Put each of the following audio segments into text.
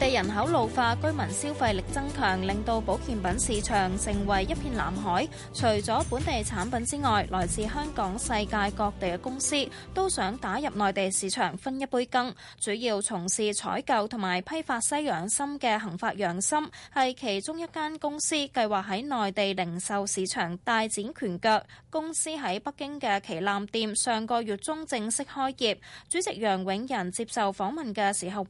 地人口老化,居民消費力增強,令到保健品市場成為一片藍海。除咗本地產品之外,來自香港世界各地嘅公司,都想打入內地市場分一杯羹。主要從事採購同埋批發西洋參嘅恒發洋參,是其中一間公司計劃喺內地零售市場大展拳腳。公司喺北京嘅旗艦店上個月中正式開業。主席楊永仁接受訪問嘅時候,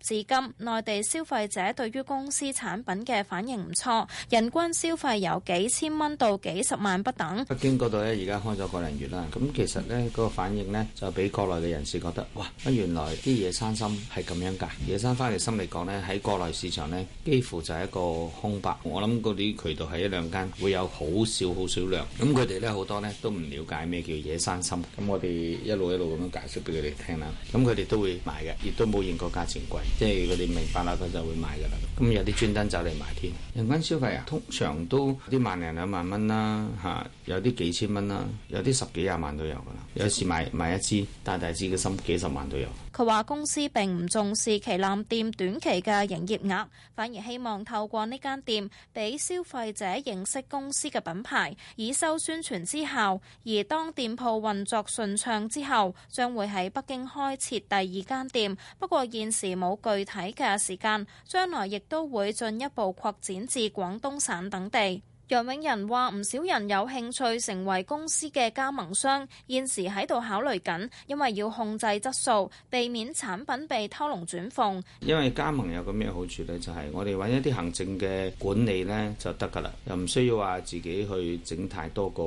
至今，內地消費者對於公司產品嘅反應唔錯，人均消費有幾千蚊到幾十萬不等。北京嗰度呢，而家開咗個零月啦。咁其實呢，嗰個反應呢，就俾國內嘅人士覺得，哇！原來啲野生參係咁樣㗎。野生翻嚟參嚟講呢，喺國內市場呢，幾乎就係一個空白。我諗嗰啲渠道係一兩間，會有好少好少量。咁佢哋呢，好多呢都唔了解咩叫野生參。咁我哋一路一路咁樣解釋俾佢哋聽啦。咁佢哋都會買嘅，亦都冇認過價錢貴。即係佢哋明白啦，佢就會買噶啦。咁有啲專登走嚟買添。人均消費啊，通常都啲萬零兩萬蚊啦，嚇有啲幾千蚊啦，有啲十幾廿萬都有噶啦。有時買買一支大大支嘅參幾十萬都有。佢話公司並唔重視旗艦店短期嘅營業額，反而希望透過呢間店俾消費者認識公司嘅品牌，以收宣傳之效。而當店鋪運作順暢之後，將會喺北京開設第二間店。不過現時冇冇具體嘅時間，將來亦都會進一步擴展至廣東省等地。楊永仁話唔少人有興趣成為公司嘅加盟商，現時喺度考慮緊，因為要控制質素，避免產品被偷龍轉鳳，因為加盟有個咩好處咧？就係、是、我哋揾一啲行政嘅管理咧就得噶啦，又唔需要話自己去整太多個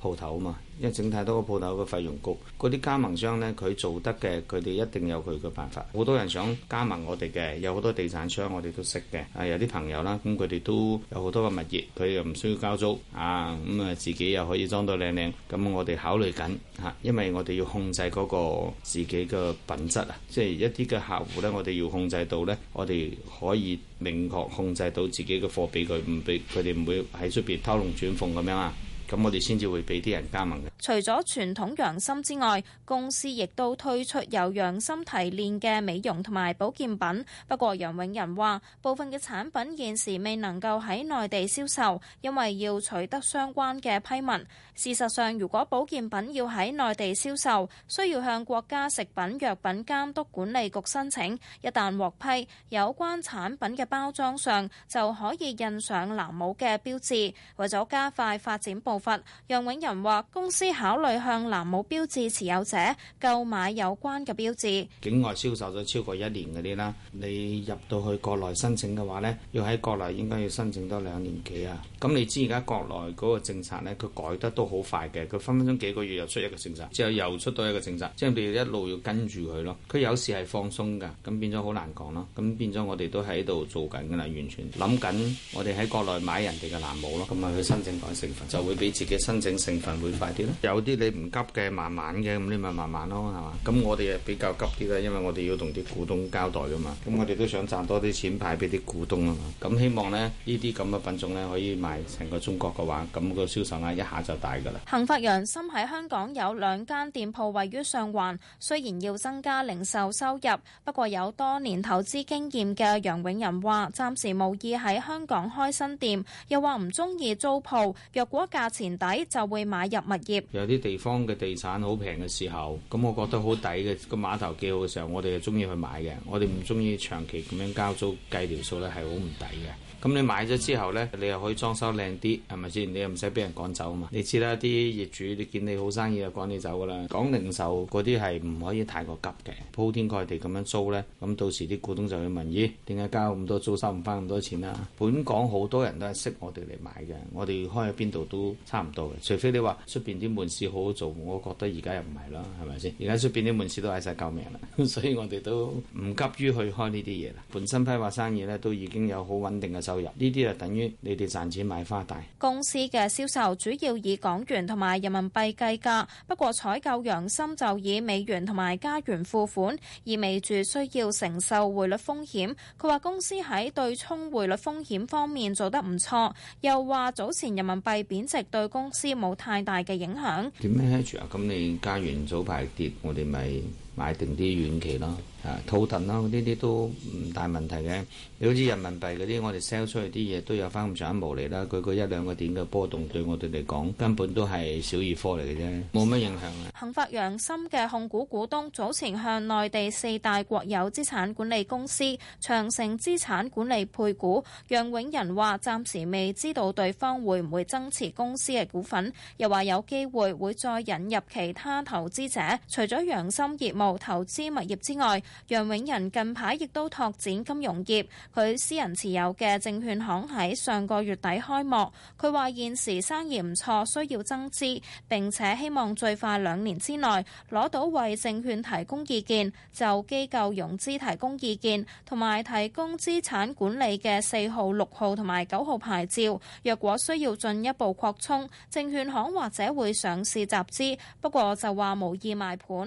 鋪頭嘛，因為整太多個鋪頭嘅費用局，嗰啲加盟商呢，佢做得嘅，佢哋一定有佢嘅辦法。好多人想加盟我哋嘅，有好多地產商我哋都識嘅，啊有啲朋友啦，咁佢哋都有好多嘅物業，佢又唔需要交租啊，咁、嗯、啊自己又可以裝到靚靚，咁我哋考慮緊嚇、啊，因為我哋要控制嗰個自己嘅品質啊，即係一啲嘅客戶呢，我哋要控制到呢，我哋可以明確控制到自己嘅貨俾佢，唔俾佢哋唔會喺出邊偷龍轉鳳咁樣啊。咁我哋先至會俾啲人加盟嘅。除咗傳統洋參之外，公司亦都推出有洋參提煉嘅美容同埋保健品。不過楊永仁話，部分嘅產品現時未能夠喺內地銷售，因為要取得相關嘅批文。事實上，如果保健品要喺內地銷售，需要向國家食品藥品監督管理局申請。一旦獲批，有關產品嘅包裝上就可以印上藍帽嘅標誌。為咗加快發展步。楊永仁話：公司考慮向藍帽標誌持有者購買有關嘅標誌。境外銷售咗超過一年嗰啲啦，你入到去國內申請嘅話咧，要喺國內應該要申請多兩年幾啊。咁你知而家國內嗰個政策咧，佢改得都好快嘅，佢分分鐘幾個月又出一個政策，之後又出到一個政策，即係你一路要跟住佢咯。佢有時係放鬆噶，咁變咗好難講咯。咁變咗我哋都喺度做緊噶啦，完全諗緊我哋喺國內買人哋嘅藍帽咯，咁咪去申請改成分，就會俾。自己申請成分會快啲咧，有啲你唔急嘅，慢慢嘅，咁你咪慢慢咯，係嘛？咁我哋比較急啲啦，因為我哋要同啲股東交代噶嘛，咁我哋都想賺多啲錢派俾啲股東啊嘛。咁希望咧，呢啲咁嘅品種呢，可以賣成個中國嘅話，咁個銷售額一下就大噶啦。恒發洋參喺香港有兩間店鋪位於上環，雖然要增加零售收入，不過有多年投資經驗嘅楊永仁話，暫時無意喺香港開新店，又話唔中意租鋪。若果價，年底就會買入物業。有啲地方嘅地產好平嘅時候，咁我覺得好抵嘅，個碼頭幾好嘅時候，我哋係中意去買嘅。我哋唔中意長期咁樣交租計條數咧，係好唔抵嘅。咁你買咗之後呢，你又可以裝修靚啲，係咪先？你又唔使俾人趕走啊嘛！你知啦，啲業主你見你好生意就趕你走噶啦。講零售嗰啲係唔可以太過急嘅，鋪天蓋地咁樣租呢。咁到時啲股東就會問：咦，點解交咁多租收唔翻咁多錢啊？本港好多人都係識我哋嚟買嘅，我哋開喺邊度都差唔多嘅，除非你話出邊啲門市好好做，我覺得而家又唔係啦，係咪先？而家出邊啲門市都嗌晒救命啦，所以我哋都唔急於去開呢啲嘢啦。本身批發生意呢，都已經有好穩定嘅。收入呢啲就等於你哋賺錢買花大。公司嘅銷售主要以港元同埋人民幣計價，不過採購洋參就以美元同埋加元付款，意味住需要承受匯率風險。佢話公司喺對沖匯率風險方面做得唔錯，又話早前人民幣貶值對公司冇太大嘅影響。點樣 hedge 啊？咁你加元早排跌，我哋咪？買定啲遠期啦，啊，套定啦，呢啲都唔大問題嘅。你好似人民幣嗰啲，我哋 sell 出去啲嘢都有翻咁上下毛利啦。佢個一兩個點嘅波動對我哋嚟講根本都係小兒科嚟嘅啫，冇乜影響啊。恒發洋參嘅控股股東早前向內地四大國有資產管理公司長城資產管理配股，楊永仁話暫時未知道對方會唔會增持公司嘅股份，又話有機會會再引入其他投資者，除咗洋參業務，投資物業之外，楊永仁近排亦都拓展金融業。佢私人持有嘅證券行喺上個月底開幕，佢話現時生意唔錯，需要增資，並且希望最快兩年之內攞到為證券提供意見、就機構融資提供意見同埋提供資產管理嘅四號、六號同埋九號牌照。若果需要進一步擴充，證券行或者會上市集資，不過就話無意賣盤。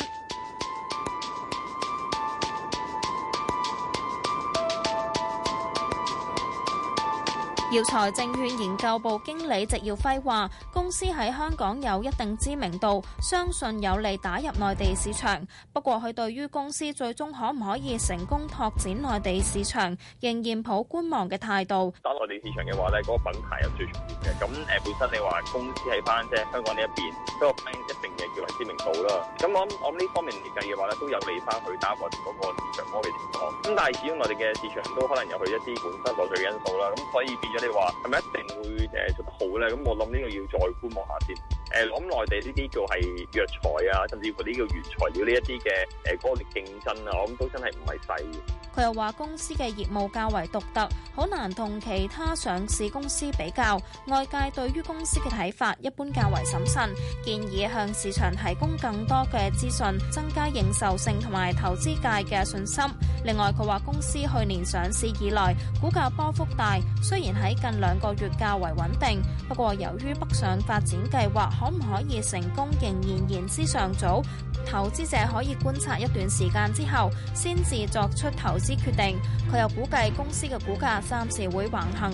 由耀才證券研究部經理謝耀輝話，公司喺香港有一定知名度，相信有利打入內地市場，不過佢對於公司最終可唔可以成功拓展內地市場，仍然抱觀望嘅態度。叫為知名度啦，咁我諗我諗呢方面嚟計嘅話咧，都有利翻佢打開嗰個市場開嘅情況，咁但係始終我哋嘅市場都可能有佢一啲本身內在嘅因素啦，咁所以變咗你話係咪一定會誒做得好咧？咁我諗呢個要再觀望下先。我諗內地呢啲叫係藥材啊，甚至乎呢啲叫原材料呢一啲嘅誒激烈競爭啊，我諗都真係唔係細。佢又話公司嘅業務較為獨特，好難同其他上市公司比較。外界對於公司嘅睇法一般較為審慎，建議向市場提供更多嘅資訊，增加認受性同埋投資界嘅信心。另外，佢話公司去年上市以來，股價波幅大，雖然喺近兩個月較為穩定，不過由於北上發展計劃。可唔可以成功仍然言之尚早，投資者可以觀察一段時間之後，先至作出投資決定。佢又估計公司嘅股價暫時會橫行。